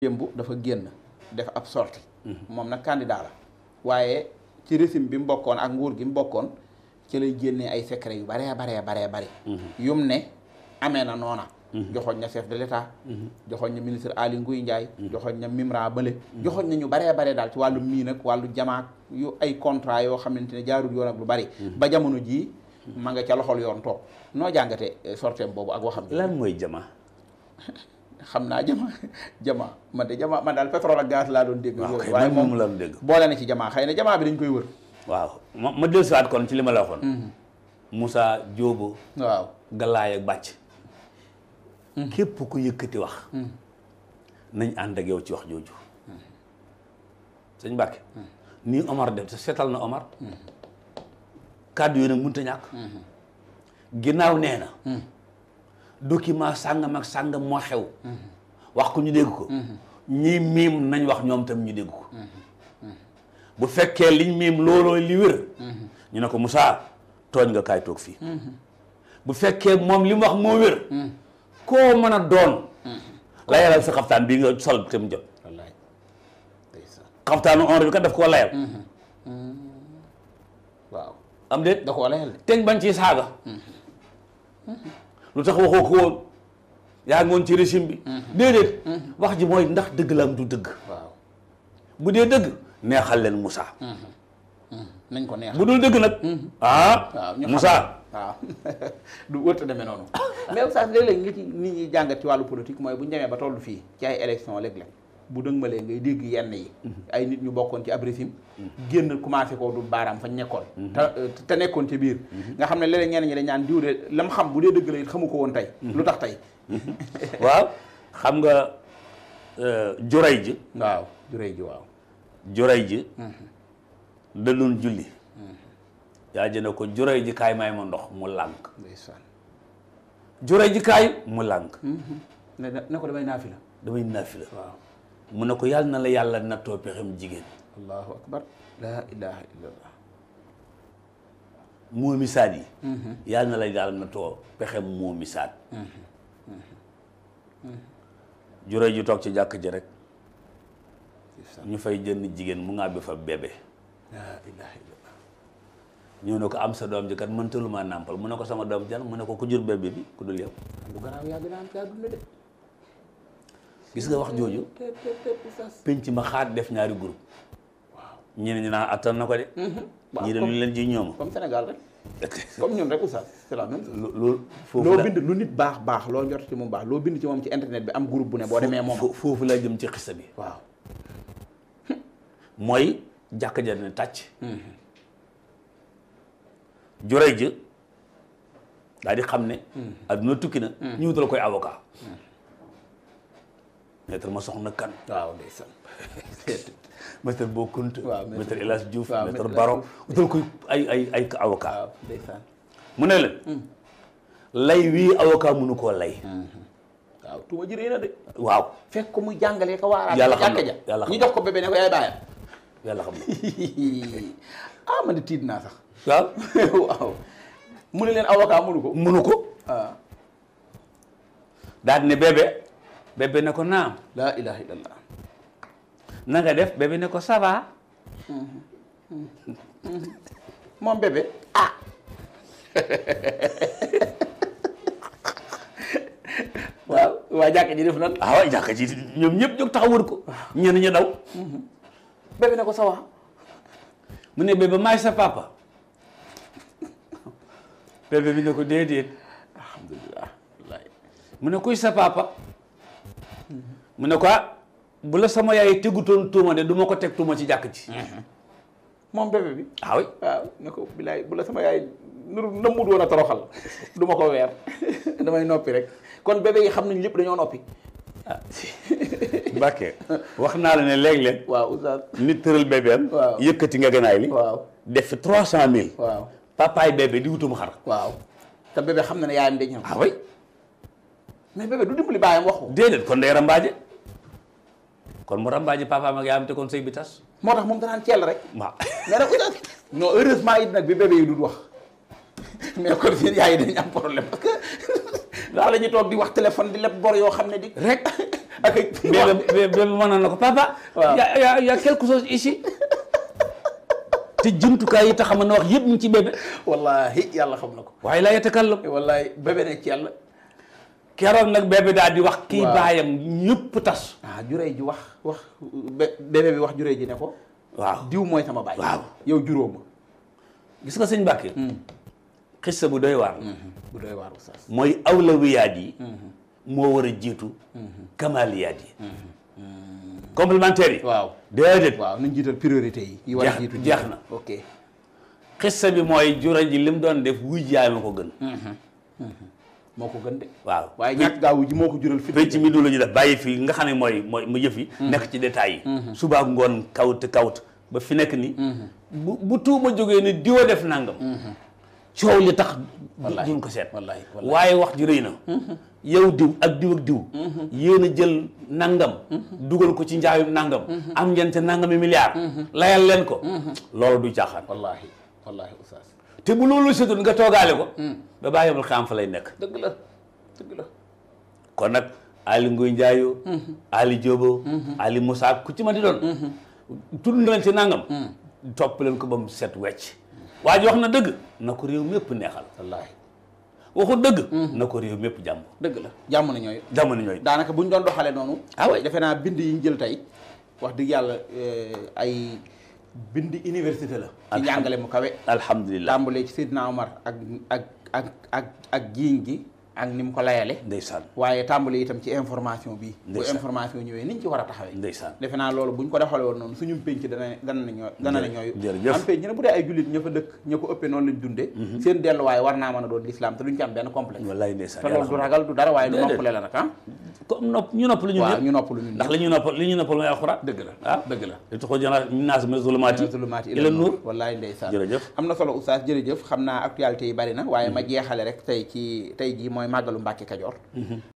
démb dafa génn def ab sortie mm-hmm. moom nag candidat la waaye ci régime bi mbokkoon ak nguur gi mbokkoon bokkoon ci lay génnee ay secret yu baree baree baree bari mm-hmm. yum ne amee na noona mm-hmm. joxoñ na chef de l'état joxoñ na ministre Aly Ngouille njaay joxoñ na Mimra Bale joxoñ na ñu baree baree daal ci wàllu miin ak wàllu jamaak yu ay contrat yoo xamante ne jaarul yoon ak lu bari ba jamono jii ma nga ca loxol yoon toog noo jàngate eh, sorteem boobu ak waxam lan mooy jama xam naa jama jama man de jama man daal pétrole ak gaz laa doon dégg. waaw waaye moom la doon dégg. boole na ci jama xëy na jama bi dañ koy wër. waaw ma ma dellusiwaat kon ci li ma la waxoon. Mhm. Moussa Diop. waaw Galaye ak Bàcc. Mhm. ku yëkkati wax. Mhm. nañ yow ci wax jooju. sëñ Mbàkke. nii Omar def te seetal na Omar. kàddu yooyu nag mënut a ñàkk. ginnaaw nee na. document sàngam ak sàngam moo xew wax ko ñu dégg ko ñii miim nañ wax ñoom tam ñu dégg ko bu fekkee liñ miim looloo li wér ñu ne ko Moussa tooñ nga kaay toog fii bu fekkee moom li mu wax moo wér koo mën a doon layalal sa xaftaan bii nga sol te mu jot xaftaanu honre bi kat daf koo layal waaw am déet da layal teñ bañ ci saaga lu tax waxoo ko woon yaa ngoon ci régime bi mhm. déedéet mhm. wax ji mooy ndax dëgg la am du dëgg waaw bu dee dëgg neexal leen Moussa mhm. nañ ko neex bu dul dëgg nag ah waaw Moussa waaw du wërta demee noonu mais Oustaz léeg-léeg ngi ci nit ñi jàngat ci wàllu politique mooy bu ñu demee ba toll fii ci ay élection léeg-léeg bu ma dëgmalee ngay dégg yenn yi mhm. ay nit ñu bokkoon ci ab régime mhm. génn commencé koo du baaraam fañ nekkoon mhm. euh, te nekkoon ci biir nga xam ne léeg-léeg ñenn ñi dañ naan diw de lam xam bu dee dëgg la it xamu ko woon tey lu tax tey waaw xam nga euh, juray ji waaw juray ji waaw juray ko juray ji kaay ndox mu lànk ndeysaan juray ji ne ko damay naafi la damay naafi la waaw mu ne ko yàlla na la yàlla nattoo pexem jigéen allahu akbar laa ilaha illallah moomi saat yi mm-hmm. yàlla na la yàlla nattoo pexem moomi saat mm-hmm. mm-hmm. juré ju toog ci jàkk ji rek ñu fay jënd jigéen mu ngàbbi fa bébé laa ne ko am sa doom ji kat mënta lu ma nàmpal mu ne ko sama doom jan mu ne ko ku jur bi ku dul yow gis nga wax jooju penc ma xaat def ñaari groupe ñeneen ñi naan attan na ko de ñi de lu leen ji ñooma comme Sénégal rek comme ñun rek oustaz loo bind lu nit baax baax loo njort ci moom baax loo bind ci moom ci internet bi am groupe bu ne boo demee moom foofu laa jëm ci xista bi waaw mooy jàkk ja dina tàcc mhm. juray ji daal di xam ne adduna mhm. tukki na mhm. ñu wutal koy avocat maître ma soxna kan waaw ndeysaan maître Bokunte waaw maître El Hadj Diouf maître Baro utal ay ay ay mu ne leen hmm. lay wii avocat mënu koo lay hmm, hmm. waaw tuuma jëree de waaw fekk ko muy jàngale ko waaraat yàlla xam ja yàlla ñu ko bébé ne ko yaay bàyyam yàlla xam na ah man tiit naa sax mu ne leen avocat mënu ko mënu ko ah. ne bébé bébé ne ko naam laa ilaha illallah def bébé ne ko ça moom bébé ah waaw waa jàkka ji def nan ah waaw jàkka ji ñoom ñëpp jóg taxaw wër ko ñenn ñu daw bébé ko ça mu ne bébé maay sa papa bébé bi ne ko déedéet alhamdulilah mu ne kuy sa papa mu ne ko ah, bu la sama yaay tegutoon tuuma de duma ko teg tuuma ci jàkk ci mm-hmm. moom bébé bi ah ne ko bilaay bu la sama yaay nuru nammut woon a toroxal du ma ko weer damay noppi rek kon bébé yi xam nañ lépp dañoo noppi ah Mbacke wax naa la ne léeg waaw oustaz nit tëral bébéem yëkkati nga ganaay li waaw def trois cent mille waaw papaay bébé di wutum xar waaw te bébé xam na ne yaayam dañ ñëw ah mais bébé du dimbali baayam wax ko. déedéet kon day rambaaje kon mu rambaaje papaam ak yaayam te kon sëy bi tas. moo tax moom danaan teel rek. waaw mais nag oustaz nag bi bébé yi dul wax mais kon seen yaay yi am problème parce que toog di wax téléphone di leb bor yoo xam ne di. rek ak bébé bébé mën na ko papa. waaw y' y' a quelque chose ici. te jumtukaay yi tax a na wax yëpp mu ci bébé. wallaahi yàlla xam na ko. waaye laa yatakallam. wallaahi bébé ne ci keroog nag bébé daal di wax. waaw kii baayam ñëpp tas. ah ji wax wax bébé bi wax juree ji ne ko. waaw diw mooy sama baay. waaw yow juróoma. nga sëñ Mbàkke. Hmm. bu doy waar. Hmm, bu doy waar oustaz. mooy awlawiyaat yi. Hmm. moo war a jiitu. kamaliyaat yi. complémentaire yi. waaw déedéet. waaw nañ jiital priorité yi. yi war a jiitu jeex na ok. bi mooy jure ji li mu doon def wuy jaay ma ko gën. moo ko gën waaw waaye ñàkk gaawu ji moo ko jural fi penc mi ñu def bàyyi fi nga xam ne mooy mooy mu yëf yi mhm. nekk ci détails yi mhm. subaa ngoon kawt kawt ba fi nekk ni mhm. bu bu tuuma jógee ni a def nangam coow li tax duñ ko seet wallaay waaye wax ji rëy na yow diw ak diw ak diw yéen a jël nangam dugal ko ci njaayum nangam am ngeen te nangami milliard layal leen ko loolu du caaxaan wallahi te bu loolu setul nga toogaale ko. Hmm. ba baa yemul xam fa lay nekk. dëgg la dëgg la. kon nag Ali Nguy Ndiayo. Hmm. Ali Diobo. Hmm. Ali Moussa ku ci ma di doon. tudd nañ ci nangam. topp leen ko ba mu set wecc. waa ji wax na dëgg na ko réew mépp neexal. wallaahi dëgg. na ko réew mépp jàmm. dëgg la jàmm na ñooy. jàmm na ñooy daanaka bu ñu doon doxalee noonu. ah oui naa bind yi ñu jël tey wax dëgg yàlla eh, ay. bindi université la. ci njàngale mu kawe. alhamdulilah tàmbalee ci Seydina Omar ak ak ak ak ak giiñ gi. ak ni mu ko layale ndeysaan waaye tàmbali itam ci information bi bu information ñëwee niñ ci war a taxawee ndeysaan defe naa loolu buñ ko doxale woon noonu suñu pénc dana dana na ñooy dana na ñooy am pénc ne bu dee ay jullit ña fa dëkk ña ko ëppee noonu lañ dundee mhm. seen delluwaay war naa mën a doon lislaam te duñ ci am benn complexe te loolu du ragal du dara waaye lu noppale la nag ah comme nopp ñu nopp lu ñu waaw ñu nopp lu ñu ndax li ñu nopp li ñu nopp mooy alxuraan dëgg la ah dëgg la li taxoo jana naas mi zulumaati ila nuur wallaay ndeysaan jërëjëf am na solo oustaz jërëjëf xam naa actualité yi bari na waaye ma mm-hmm. jeexale rek tey ci tey jii mooy màggalu Mbàkke Kajoor mm-hmm.